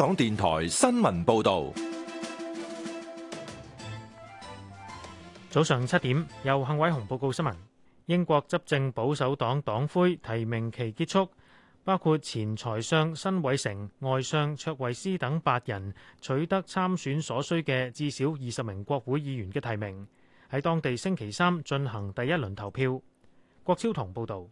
港電台新聞報道：早上七點，由幸偉雄報告新聞。英國執政保守黨黨魁提名期結束，包括前財相辛偉成、外相卓慧斯等八人取得參選所需嘅至少二十名國會議員嘅提名，喺當地星期三進行第一輪投票。郭超同報道。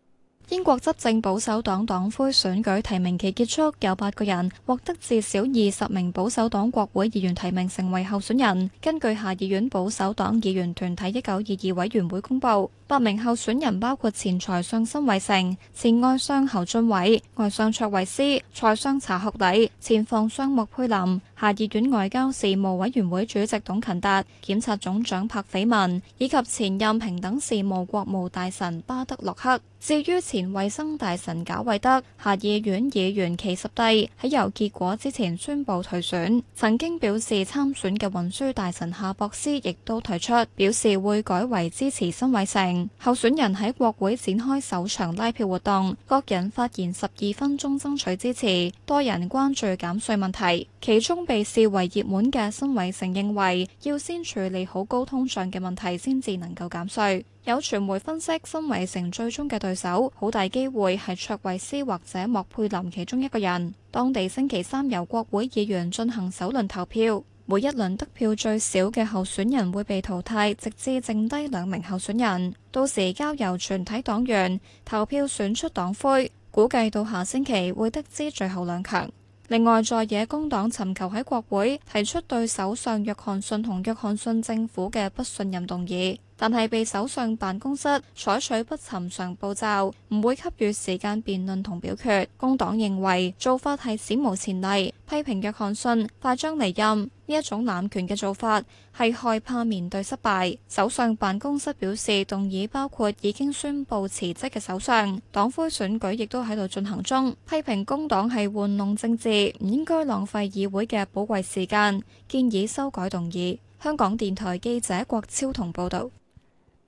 英國執政保守黨黨魁選舉提名期結束，有八個人獲得至少二十名保守黨國會議員提名成為候選人。根據下議院保守黨議員團體一九二二委員會公佈。八名候選人包括前財相新偉成、前外相侯俊偉、外相卓慧思、財相查學禮、前防相莫佩林、下議院外交事務委員會主席董勤達、檢察總長柏斐文以及前任平等事務國務大臣巴德洛克。至於前衛生大臣賈偉德、下議院議員祁十帝，喺有結果之前宣布退選。曾經表示參選嘅運輸大臣夏博斯亦都提出表示會改為支持新偉成。候選人喺國會展開首場拉票活動，各人發言十二分鐘爭取支持，多人關注減稅問題。其中被視為熱門嘅辛偉成認為，要先處理好高通脹嘅問題先至能夠減稅。有傳媒分析，辛偉成最終嘅對手，好大機會係卓慧思或者莫佩林其中一個人。當地星期三由國會議員進行首輪投票。每一輪得票最少嘅候選人會被淘汰，直至剩低兩名候選人。到時交由全體黨員投票選出黨魁，估計到下星期會得知最後兩強。另外，在野工黨尋求喺國會提出對首相約翰遜同約翰遜政府嘅不信任動議。但係被首相辦公室採取不尋常步驟，唔會給予時間辯論同表決，工黨認為做法係史無前例，批評約翰遜快將離任呢一種濫權嘅做法係害怕面對失敗。首相辦公室表示動議包括已經宣布辭職嘅首相黨魁選舉亦都喺度進行中，批評工黨係玩弄政治，唔應該浪費議會嘅寶貴時間，建議修改動議。香港電台記者郭超同報道。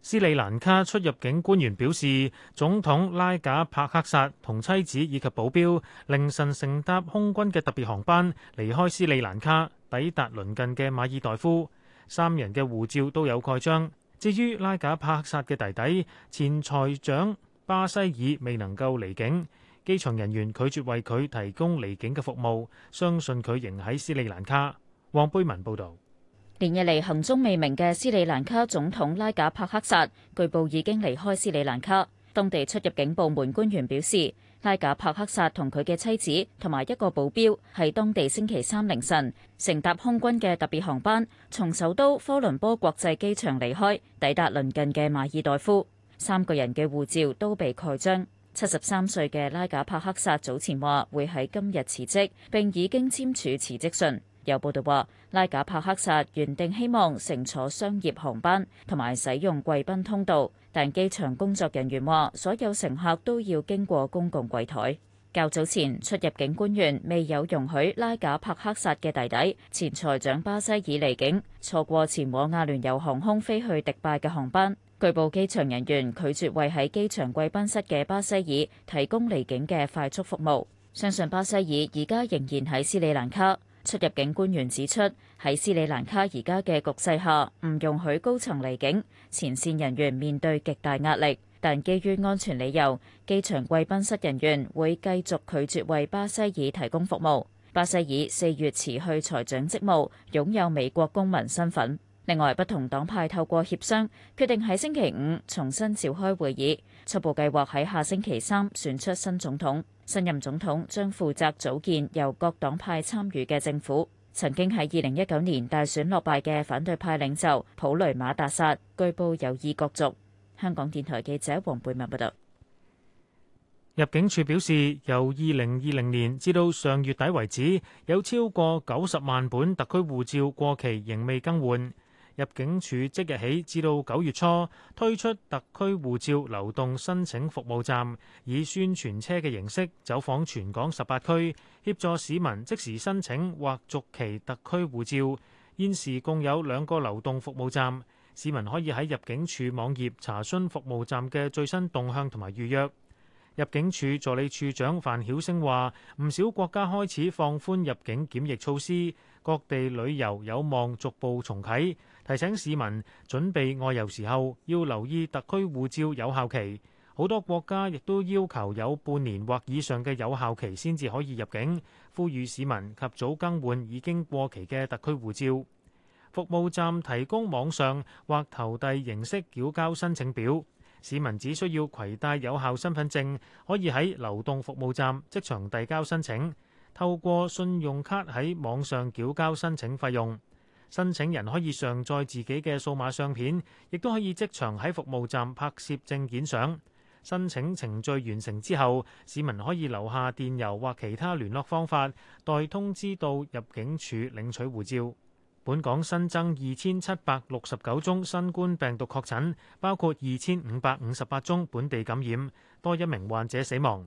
斯里蘭卡出入境官員表示，總統拉賈帕克薩同妻子以及保鏢凌晨乘搭空軍嘅特別航班離開斯里蘭卡，抵達鄰近嘅馬爾代夫。三人嘅護照都有蓋章。至於拉賈帕克薩嘅弟弟，前財長巴西爾未能夠離境，機場人員拒絕為佢提供離境嘅服務，相信佢仍喺斯里蘭卡。黃貝文報導。連日嚟行蹤未明嘅斯里蘭卡總統拉賈帕克薩，據報已經離開斯里蘭卡。當地出入境部門官員表示，拉賈帕克薩同佢嘅妻子同埋一個保鏢，喺當地星期三凌晨乘搭空軍嘅特別航班，從首都科倫坡國際機場離開，抵達鄰近嘅馬爾代夫。三個人嘅護照都被蓋章。七十三歲嘅拉賈帕克薩早前話會喺今日辭職，並已經簽署辭職信。有報道話，拉賈帕克薩原定希望乘坐商業航班同埋使用貴賓通道，但機場工作人員話，所有乘客都要經過公共櫃枱。較早前，出入境官員未有容許拉賈帕克薩嘅弟弟前財長巴西爾離境，錯過前往阿聯酋航空飛去迪拜嘅航班。據報機場人員拒絕為喺機場貴賓室嘅巴西爾提供離境嘅快速服務。相信巴西爾而家仍然喺斯里蘭卡。出入境官員指出，喺斯里蘭卡而家嘅局勢下，唔容許高層離境，前線人員面對極大壓力。但基於安全理由，機場貴賓室人員會繼續拒絕為巴西爾提供服務。巴西爾四月辭去財長職務，擁有美國公民身份。另外，不同黨派透過協商，決定喺星期五重新召開會議。初步計劃喺下星期三選出新總統，新任總統將負責組建由各黨派參與嘅政府。曾經喺二零一九年大選落敗嘅反對派領袖普雷馬達薩據報有意角逐。香港電台記者黃貝文報道。入境處表示，由二零二零年至到上月底為止，有超過九十萬本特區護照過期仍未更換。入境處即日起至到九月初推出特區護照流動申請服務站，以宣傳車嘅形式走訪全港十八區，協助市民即時申請或續期特區護照。現時共有兩個流動服務站，市民可以喺入境處網頁查詢服務站嘅最新動向同埋預約。入境處助理處長范曉聲話：唔少國家開始放寬入境檢疫措施，各地旅遊有望逐步重啟。提醒市民準備外遊時候要留意特區護照有效期。好多國家亦都要求有半年或以上嘅有效期先至可以入境。呼籲市民及早更換已經過期嘅特區護照。服務站提供網上或投遞形式繳交申請表。市民只需要携帶有效身份證，可以喺流動服務站即場遞交申請，透過信用卡喺網上繳交申請費用。申請人可以上載自己嘅數碼相片，亦都可以即場喺服務站拍攝證件相。申請程序完成之後，市民可以留下電郵或其他聯絡方法，待通知到入境處領取護照。本港新增二千七百六十九宗新冠病毒確診，包括二千五百五十八宗本地感染，多一名患者死亡。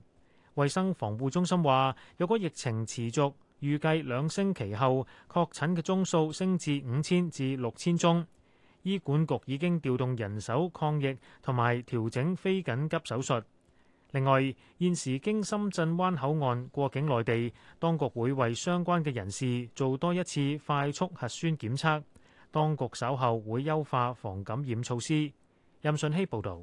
衛生防護中心話如果疫情持續，預計兩星期後確診嘅宗數升至五千至六千宗。醫管局已經調動人手抗疫，同埋調整非緊急手術。另外，現時經深圳灣口岸過境內地，當局會為相關嘅人士做多一次快速核酸檢測。當局稍後會優化防感染措施。任信希報導，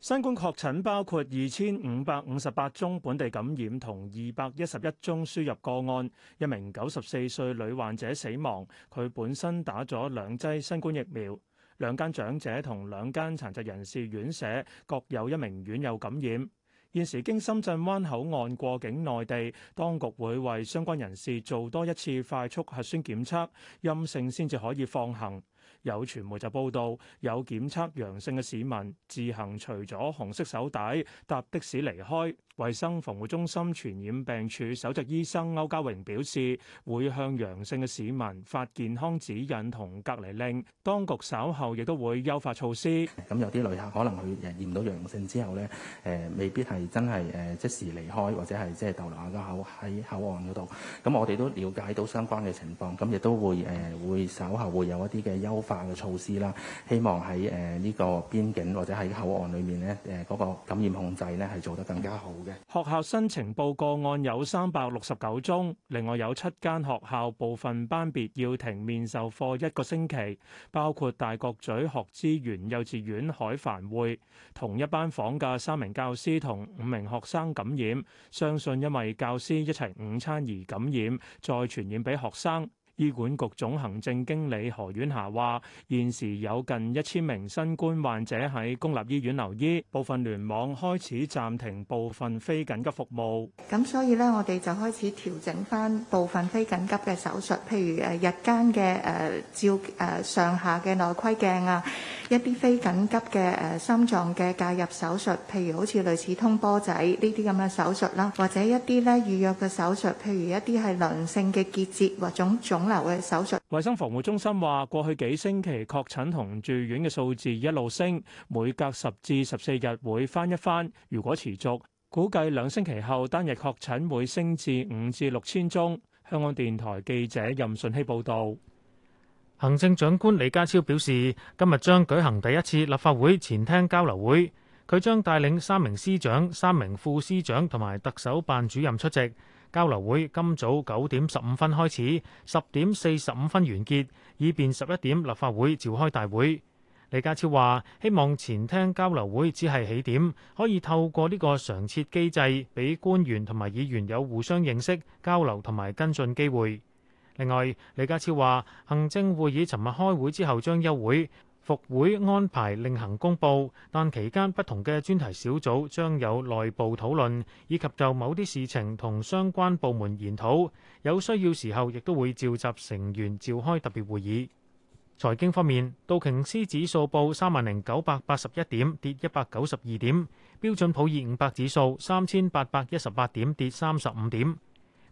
新冠確診包括二千五百五十八宗本地感染同二百一十一宗輸入個案，一名九十四歲女患者死亡，佢本身打咗兩劑新冠疫苗，兩間長者同兩間殘疾人士院舍各有一名院友感染。現時經深圳灣口岸過境內地，當局會為相關人士做多一次快速核酸檢測，陰性先至可以放行。有傳媒就報道，有檢測陽性嘅市民自行除咗紅色手帶，搭的士離開。衛生防護中心傳染病處首席醫生歐家榮表示，會向陽性嘅市民發健康指引同隔離令。當局稍後亦都會優化措施。咁有啲旅客可能佢誒驗到陽性之後咧，誒、呃、未必係真係誒即時離開或者係即係逗留喺個口喺口岸嗰度。咁我哋都了解到相關嘅情況，咁亦都會誒、呃、會稍後會有一啲嘅優化嘅措施啦。希望喺誒呢個邊境或者喺口岸裏面咧誒嗰個感染控制咧係做得更加好。學校申請報個案有三百六十九宗，另外有七間學校部分班別要停面授課一個星期，包括大角咀學之園幼稚園海帆會，同一班房嘅三名教師同五名學生感染，相信因為教師一齊午餐而感染，再傳染俾學生。醫管局總行政經理何婉霞話：現時有近一千名新冠患者喺公立醫院留醫，部分聯網開始暫停部分非緊急服務。咁所以咧，我哋就開始調整翻部分非緊急嘅手術，譬如誒日間嘅誒照誒上下嘅內窺鏡啊，一啲非緊急嘅誒心臟嘅介入手術，譬如好似類似通波仔呢啲咁嘅手術啦，或者一啲咧預約嘅手術，譬如一啲係良性嘅結節或者腫。衞生防護中心話，過去幾星期確診同住院嘅數字一路升，每隔十至十四日會翻一番。如果持續，估計兩星期後單日確診會升至五至六千宗。香港電台記者任順希報導。行政長官李家超表示，今日將舉行第一次立法會前廳交流會，佢將帶領三名司長、三名副司長同埋特首辦主任出席。交流會今早九點十五分開始，十點四十五分完結，以便十一點立法會召開大會。李家超話，希望前廳交流會只係起點，可以透過呢個常設機制，俾官員同埋議員有互相認識、交流同埋跟進機會。另外，李家超話行政會議尋日開會之後將休會。復會安排另行公布，但期間不同嘅專題小組將有內部討論，以及就某啲事情同相關部門研討。有需要時候，亦都會召集成員召開特別會議。財經方面，道瓊斯指數報三萬零九百八十一點，跌一百九十二點；標準普爾五百指數三千八百一十八點，跌三十五點。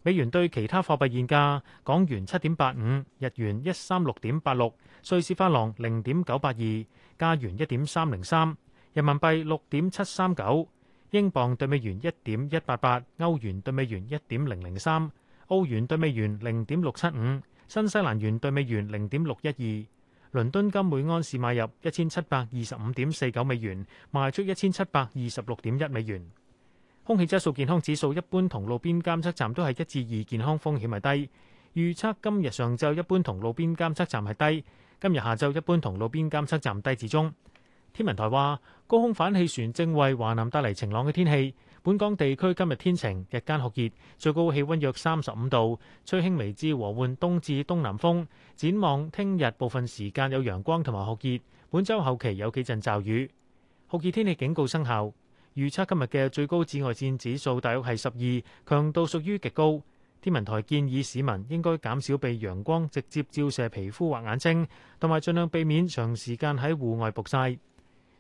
美元兌其他貨幣現價：港元七點八五，日元一三六點八六，瑞士法郎零點九八二，加元一點三零三，人民幣六點七三九，英鎊對美元一點一八八，歐元對美元一點零零三，澳元對美元零點六七五，新西蘭元對美元零點六一二。倫敦金每安士買入一千七百二十五點四九美元，賣出一千七百二十六點一美元。空氣質素健康指數一般同路邊監測站都係一至二，健康風險係低。預測今日上晝一般同路邊監測站係低，今日下晝一般同路邊監測站低至中。天文台話，高空反氣旋正為華南帶嚟晴朗嘅天氣。本港地區今日天晴，日間酷熱，最高氣温約三十五度，吹輕微至和緩東至東南風。展望聽日部分時間有陽光同埋酷熱，本週後期有幾陣驟雨，酷熱天氣警告生效。預測今日嘅最高紫外線指數大約係十二，強度屬於極高。天文台建議市民應該減少被陽光直接照射皮膚或眼睛，同埋盡量避免長時間喺戶外曝曬。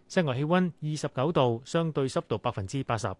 室外氣温二十九度，相對濕度百分之八十。